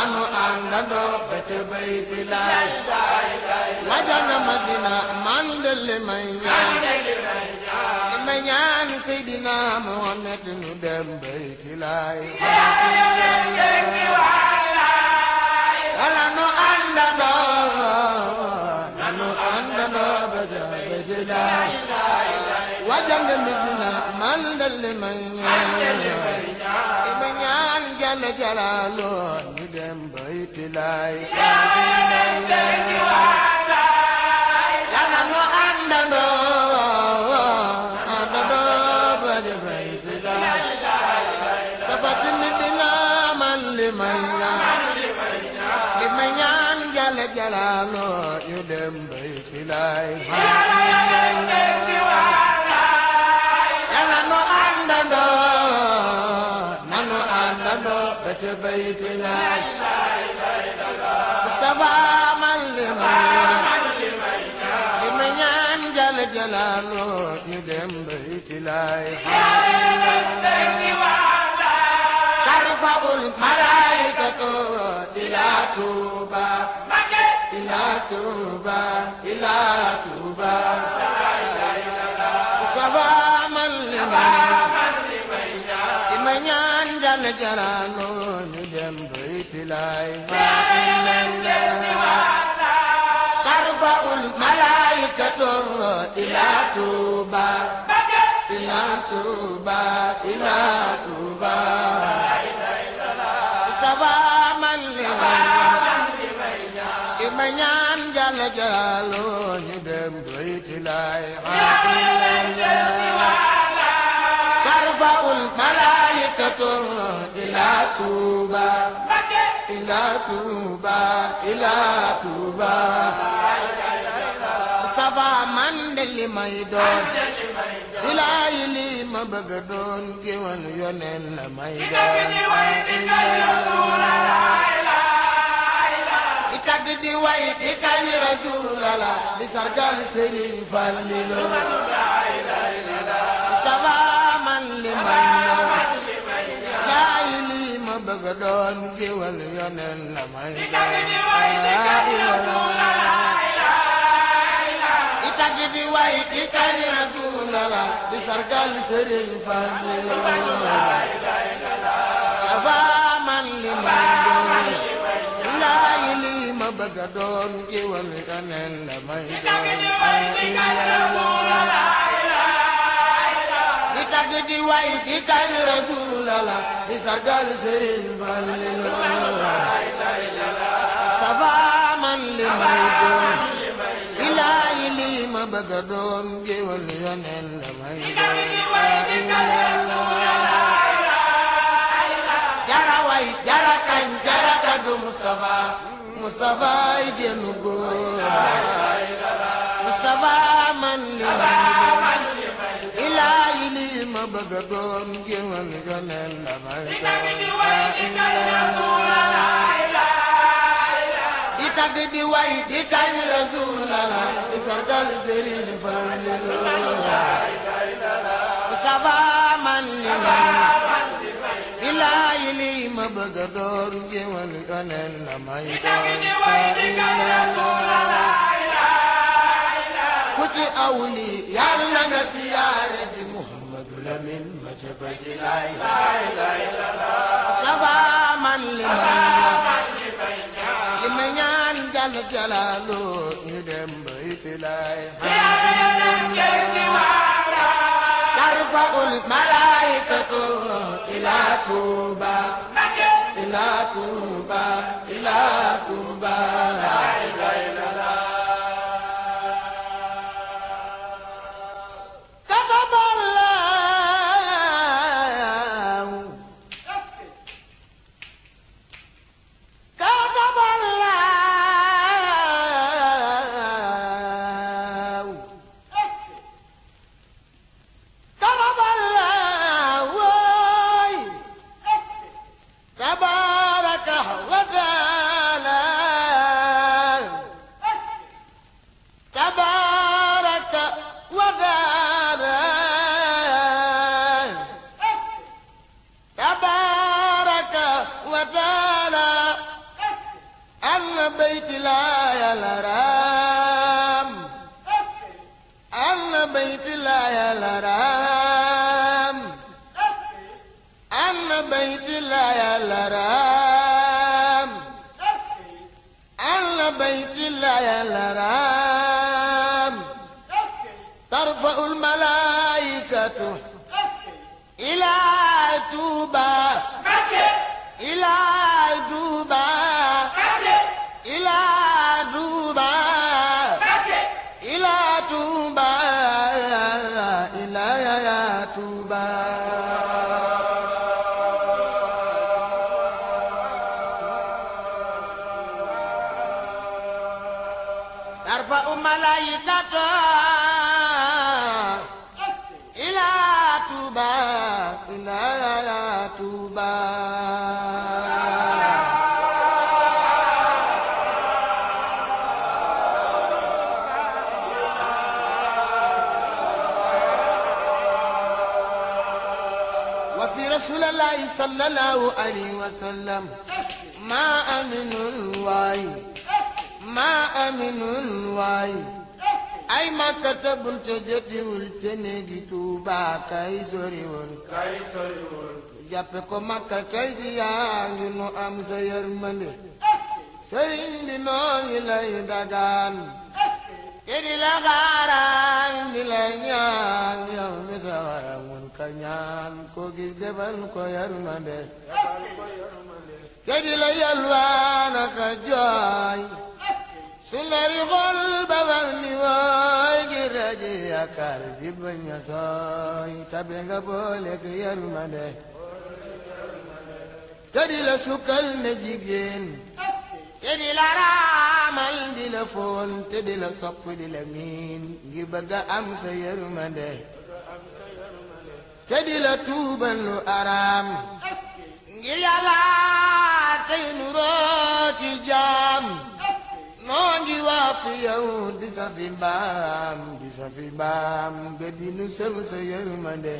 nanu àndandoo ba ca bayti laay wajal na madina man de li may ñaan li may ñaan Seydina Muhammad nu dem bayti laay nanu àndandoo nanu àndandoo ba ca bayti laay wajal na madina man de li may ñaan li may ñaan jalla jalaalu laay yàlla nu àndandoo àndandoo ba jëfee ci laay dafa timit dina man li may ñaan li may ñaan jale jalaloo ñu dem bay ci laay naanoo ñu dem bay ci laay karfabul malaykatu ilaa tuuba ilaa tuuba ilaa tuuba sabaaman li may ñaan ima ñaan jal jaraanoo ñu dem bay ci laay malaikatu ila tuba ila tuba ila tuba saba man li ma ñaan jàll jàlloo ñu dem doy ci laay tarfaul malaikatu ila tuba ila tuba ila tuba Moustapha man de ma bëgg doon géwal yoneen la may doon di tagg la may doon gi di way di kari rasulallah di sargal Sëriñ Fallu abaa man li may doon laay lii ma bëgg a doon gi wal ka nen la may doon tagg di way di kañ rasulallah di sargal Sëriñ Fallu bëgg a doon géwël yoneen la may jara way jara kañ jara tagg Moustapha Moustapha ay génn góor Moustapha man li may ilaahi lii ma bëgg a doon géwël yoneen la may doon tagg di way di kañ rasulallah di sargal sëriñ Fallu saba man li man ilaahi lii ma bëgg a doon géwal yonen la may ku ci aw lii yàlla na nga siyaare ji Muhammadu Lamin ma ca ba ci laay saba man li man jalla jalaalu ñu dem bayti laay tarfa ul malaikatu ila tuuba ila tuuba ila tuuba la la la ilaa Touba. Mbakke. ilaa Touba. Mbakke. ilaa Touba. Mbakke. ilaa Touba. ilaa Touba. tarfa u malaikata sallallahu alayhi wa sallam maa aminul waay ay makkata bunte jotiwul te néegi Tuuba kay soriwul ko makka si yaa ngi nu am sa yërmande sëriñ bi noo lay dagaan te di di la ñaan ka ñaan ko gis defal ko yërmande te di la yalwaan ka jooy su lari xol babal ni wooy gi raji yaakaar bi bañ a sooy tabe nga boole ko yërmande te di la sukkal ne jigéen te di la raamal di la foon te di la sopp di la miin ngir bëgg a am sa yërmande te di la tuubal lu araam ngir yàlla tey nu rooti jaam noo ngi waa fi yow di sa fi mbaam di sa fi mbaam ba di nu sëw sa yërmande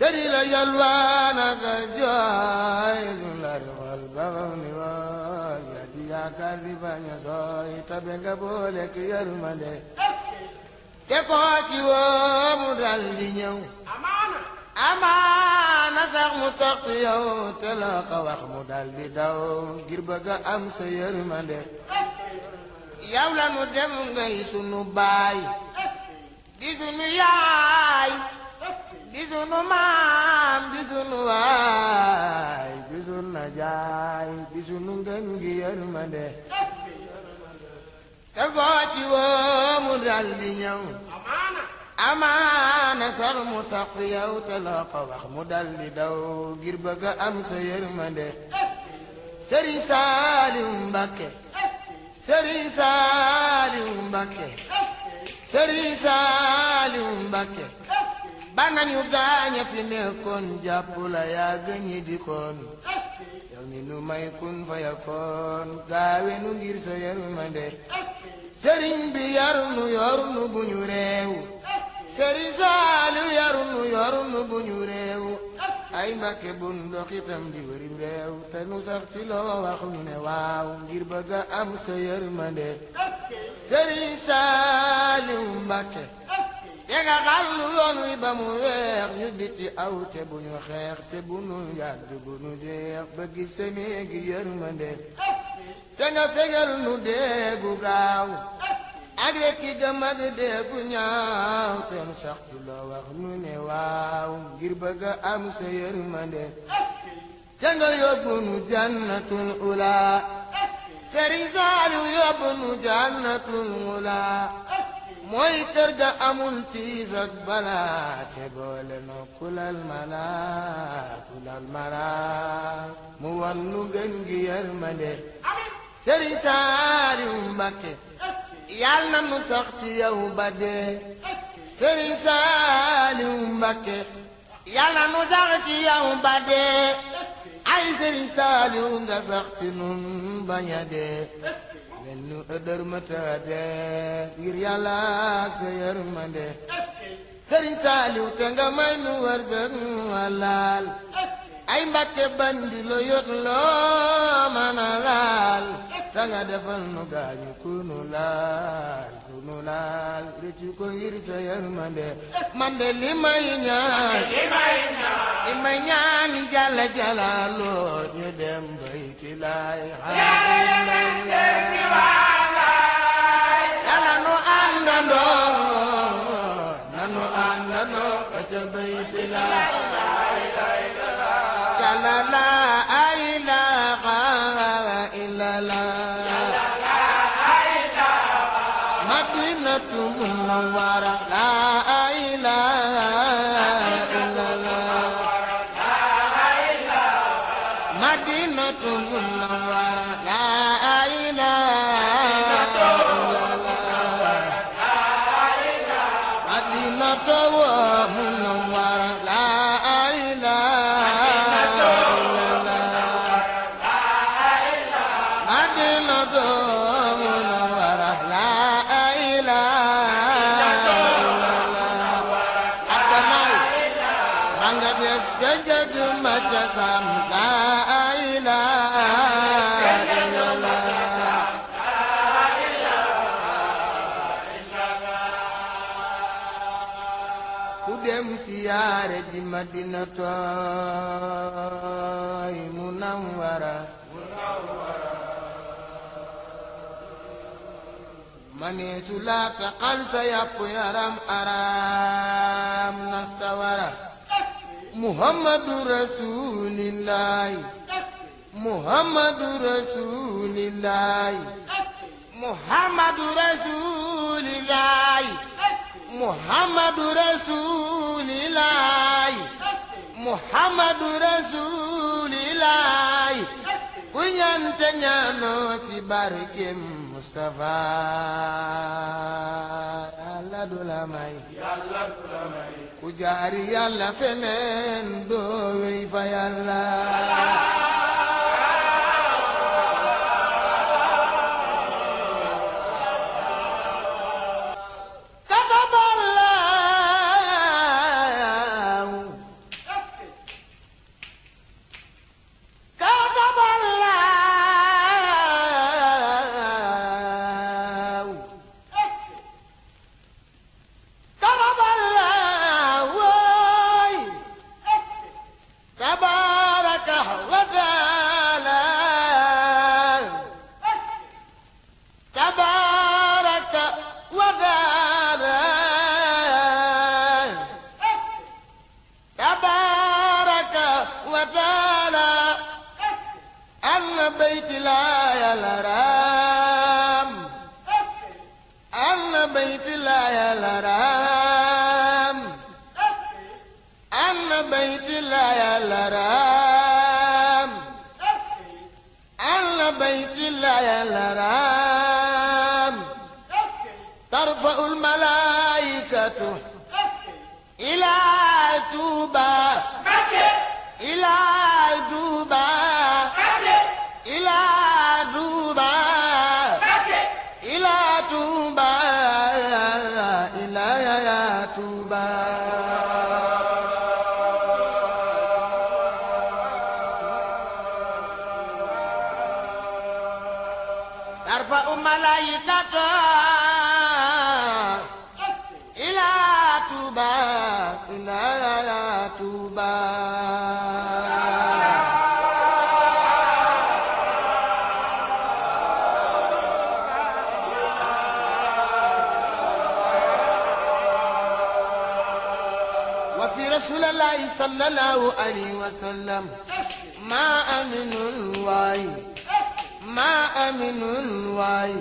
te di la yalwaana ka jooy nu la ruxal ba faw ni wooy yaa di yaakaar di bañ a sooy tabe nga boole ki yërmande te koo woo mu dal di ñëw amaana sax mu sax yow te loo ko wax mu dal daw ngir bëgg a am sa yërmande yow la nu dem ngay sunu baay di sunu yaay di sunu maam di sunu waay di sunu najaay di sunu ngëm gi yërmande te booti woo mu dal ñëw amaana sar mu sax fi ko wax mu dal daw ngir bëgg a am sa yërmande sëriñ saaliw sëriñ saaliw mbakke sëriñ saaliw mbakke ba nañu fi nekkoon jàpp yaa gëñi di koon mi nu may kun fa yakkoon gaawe ngir sa yërmande sëriñ bi yarunu yorunu bu ñu réew sëriñ Saaliw yarunu yorunu bu ñu réew ay Mbàkke bun doxitam di wërim réew te nu sax ci loo wax nu ne waaw ngir bëgga am sa yërmande sëriñ Saaliw Mbàkke te nga xar lu yoon wi ba mu weex ñu di aw te ñu xeex te nu yàgg bu nu deex ba gi gi yërmande te nga fegal nu deegu gaaw ñaaw te nu sax ci loo wax nu ne waaw ngir bëgg am sa yërmande te nga yóbbu nu jannatul ula Sëriñ Saalu yóbbu nu jannatul ula mooy kër ga amul tiis ak balaa te boole no kulal malaa kulal malaa mu wan nu gën gi yërmande sëriñ Saaliw Mbàkke yàlla na nu sax ci yow ba dee sëriñ Saaliw Mbàkke yàlla na nu sax ci yow ba dee ay sëriñ Saaliw nga sax ci nun bañ dee benn ëdër mëtëdë ngir yàlla sa yërmande sëriñ saaliw te nga may nu wërsëg walaal ay mbàkke bandi lo loo mën a laal te nga defal nu kunu laal kunu laal rëccu ngir sa yërmande man de li may ñaan li may ñaan jàlla jàllaloo ñu dem bayti tooy mu nawara mane su la taqal sa muhammadu rasulilaay ku ñante ñaanoo barkem mustafa yàlla du ku jaari yàlla feneen doo fa yàlla rasulallahi sallallahu alayhi wa maa aminul waay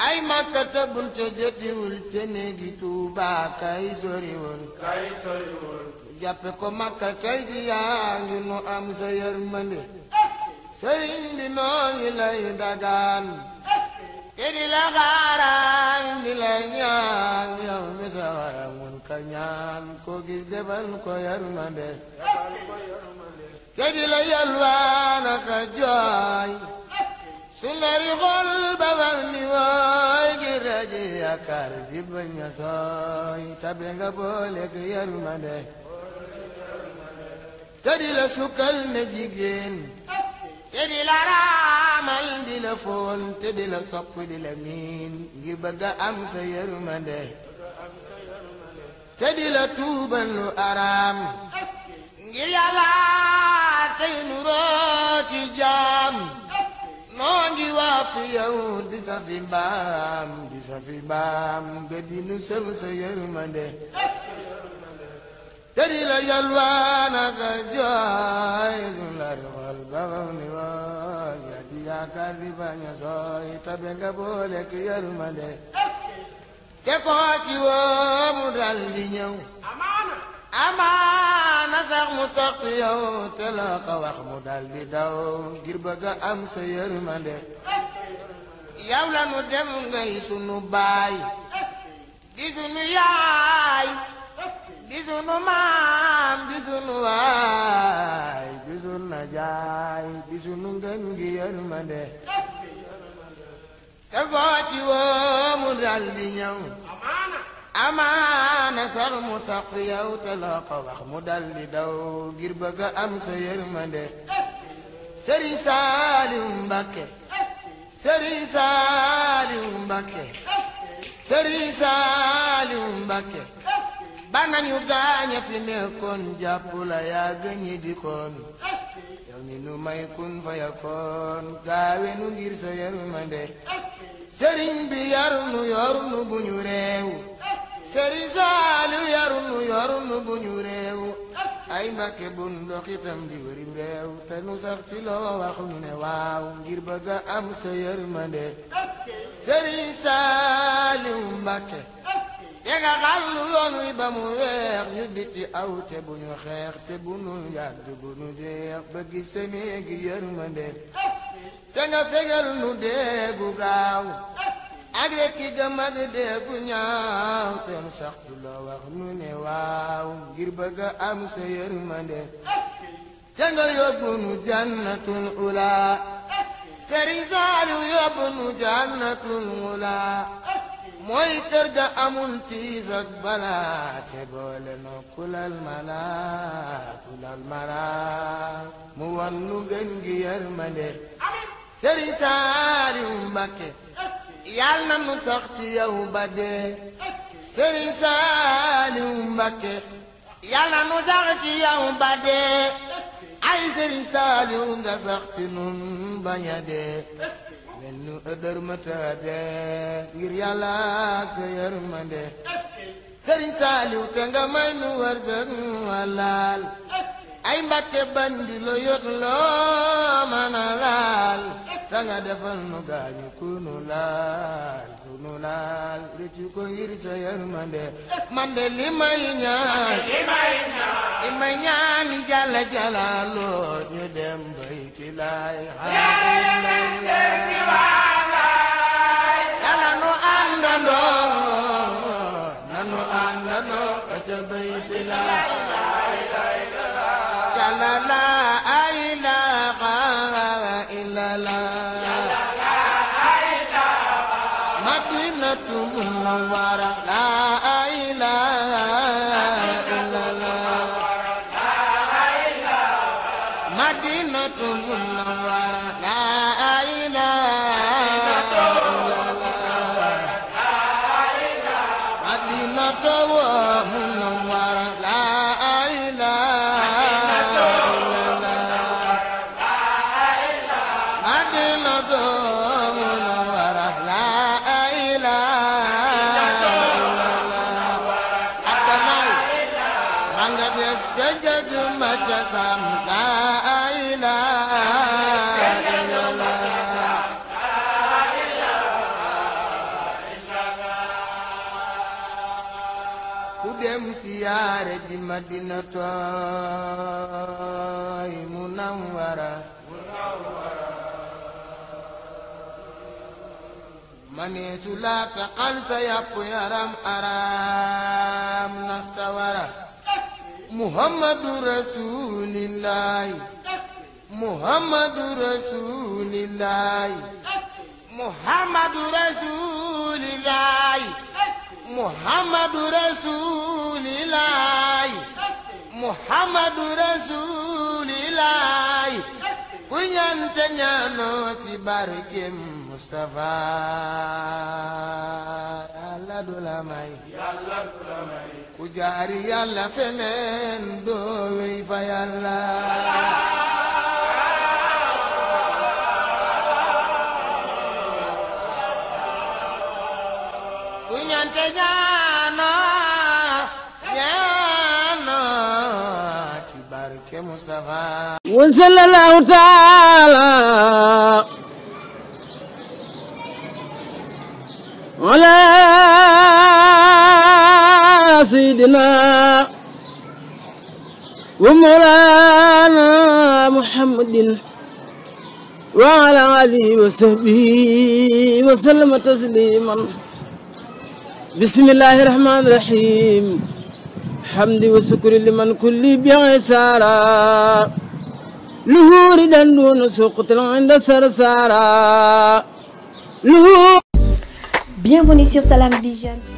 ay makkata buñ jotiwul ca néegi Tuuba kay soriwul ko makka tey yaa ngi nu am sa yërmande sëriñ bi noo lay dagaan te di la xaaraan di ñaan yow mi ka ñaan ko gis defal ko yërmande te di la yalwaan ka jooy su nari xol babal ni wooy ngir rajo yaakaar di bañ a sooy tabe nga boole ko yërmande te di la sukkal ne jigéen te di la raamal di la foon te di la sopp di la miin ngir bëgg a am sa yërmande te di la tuubal lu araam ngir yàlla tey nu rooti jaam noo ngi waa fi yow di sa fi mbaam di sa fi mbaam nga di nu sëw sa yërmande te di la yalwaan ak a jooy du la rewal ba faw ni woon yaa di yaakaar di bañ a sooy tabe nga boole ki yërmande te woo mu dal ñëw amaana sax mu saq yow te loo ko wax mu dal daw ngir bëgg a am sa yërmande yow la nu dem ngay sunu baay di sunu yaay di sunu maam di sunu waay di sunu najaay di sunu ngën gi yërmande te foo woo mu dal ñëw amaana sar mu sax yow ko wax mu dal daw ngir bëgga a am sa yërmande sëriñ saaliw sëriñ saaliw mbakke sëriñ saaliw mbakke ba gaaña fi nekkoon jàpp la yaa gëñi di koon yow mi nu may kun fa yakkoon gaawe nu ngir sa yërmande sëriñ bi yaru nu yoru nu bu ñu sëriñ saalu yaru nu yoru nu bu ñu ay mbakke bun doxitam di wërim réew te nu sax ci loo wax nu ne waaw ngir bëgg a am sa yërmande sëriñ saaliw mbakke te nga xal lu yoon wi ba mu weex ñu di aw te bu ñu xeex te bu nu yàgg bu nu jeex ba gi semee te nga fegal nu deegu gaaw ñaaw te nu sax tu la wax nu ne waaw ngir bëgg am sa yërmande te nga yóbbu nu jannatul ula sëriñ Saalu yóbbu nu jannatul ula mooy kër ga amul tiis ak balaa te boole no kulal malaa kulal malaa mu wan nu gën gi yërmande sëriñ Saaliw Mbàkke yàlla na nu sax ci yow ba dee sëriñ Saaliw Mbàkke yàlla na nu sax ci yow ba dee yaay sëriñ saaliw nga sax nun bañ a dee mel nu ëddër mëtaade ngir yàlla ak sa yërmande sëriñ saaliw te nga may nu wërsëg walaal ay mbàkke bandi loo mën a laal ta nga defal nu gaañu laal ku laal rëccu ko ngir sa yërmande man de li may ñaan li may jala ñu dem bayti laay yàlla nu àndandoo madinatoy munawwara maneesu laa taxal muhammadu rasuulillaahi muhammadu rasuulillaahi ku ñante ñaanoo ci barkeem Mustafa yàlla la may ku jaari yàlla feneen doo wey fa ñaana ñaana ci barke Mustafa wa sallallahu taala ala sayyidina wa mawlana Muhammadin wa ala alihi wa sahbihi wa sallama tasliman bismillahi rahmaani rahiim hamdi wa sukri liman kulli bien saara luhuuri dan duuna suqtal inda sarsara luhuur Bienvenue sur Salam Vision